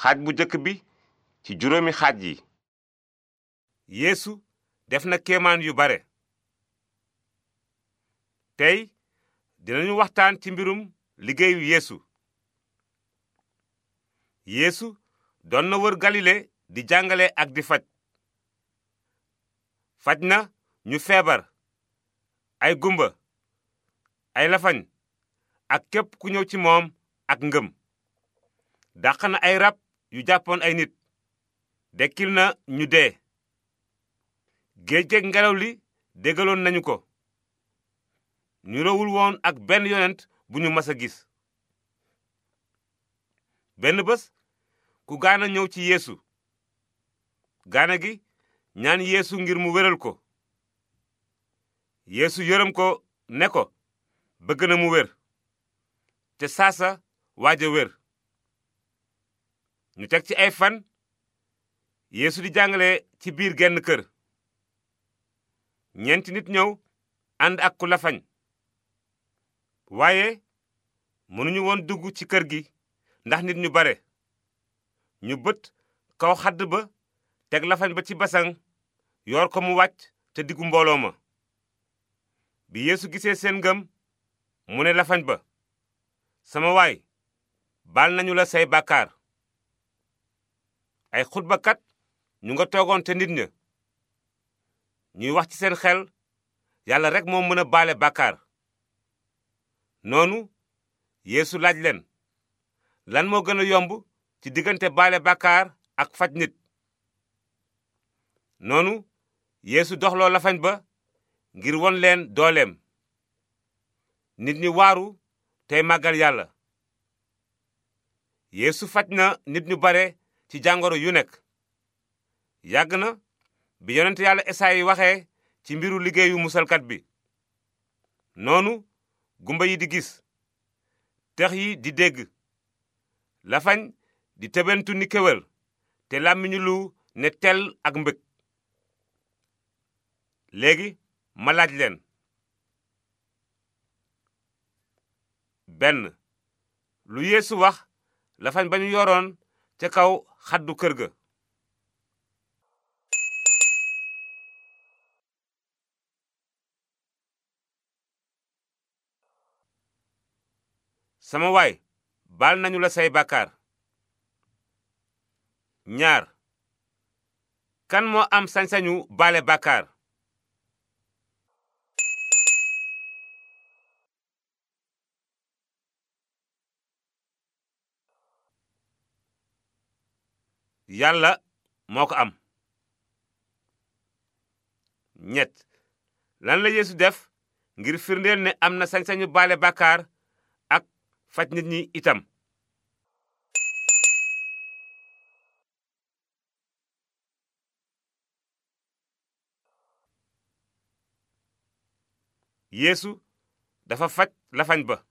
xaaj bu jëkk bi ci juróomi xaaj yi yeesu def na kéemaan yu bare tey dinañu waxtaan ci mbirum liggéeyu yéesu yéesu doon na wër galile di jàngale ak di faj faj na ñu feebar ay gumba ay lafañ ak képp ku ñëw ci moom ak ngëm dàq na ay rab yu jàppoon ay nit dekkil na ñu dee géej geeg ngelaw li déggaloon nañu ko niroowul woon ak benn yonent bu ñu mas a gis benn bés ku gaana ñëw ci yeesu gaana gi ñaan yéesu ngir mu wéral ko yéesu yërëm ko ne ko bëgg na mu wér te saasa waaja wér ñu teg ci ay fan yeesu di jàngale ci biir genn kër ñeenti nit ñëw ànd ak ku lafañ waaye mënuñu woon dugg ci kër gi ndax nit ñu bare ñu bët kaw xadd ba teg lafañ ba ci basaŋ yoor ko mu wàcc te diggu mbooloo ma bi yeesu gisee seen ngëm mu ne lafañ ba sama waay baal nañu la say bàkkaar ay xutbakat ñu nga toogoon te nit ña ñuy wax ci seen xel yàlla rek moo mën a baale bàkkaar noonu yéesu laaj leen lan moo gën a yomb ci diggante baale bàkkaar ak faj nit noonu yéesu doxloo lafañ ba ngir won leen dooleem nit ñi waaru tey màggal yàlla yéesu faj na nit ñu bare ci jàngoro yu nekk yàgg na bi yonent yàlla esaayi waxee ci mbiru liggéeyu musalkat bi noonu gumba yi di gis tex yi di dégg lafañ di tëbentu ni kéwél te làmmiñu lu ne tel ak mbëg léegi ma laaj leen benn lu yeesu wax lafañ ba ñu ca kaw xaddu kër ga sama waay baal nañu la say bàkkaar ñaar kan moo am sañ-sañu baale bàkkaar yàlla moo ko am ñett lan la yeesu def ngir firndeel ne am na sañ-sañu baale bàkkaar ak faj nit ñi itam yeesu dafa faj lafañ ba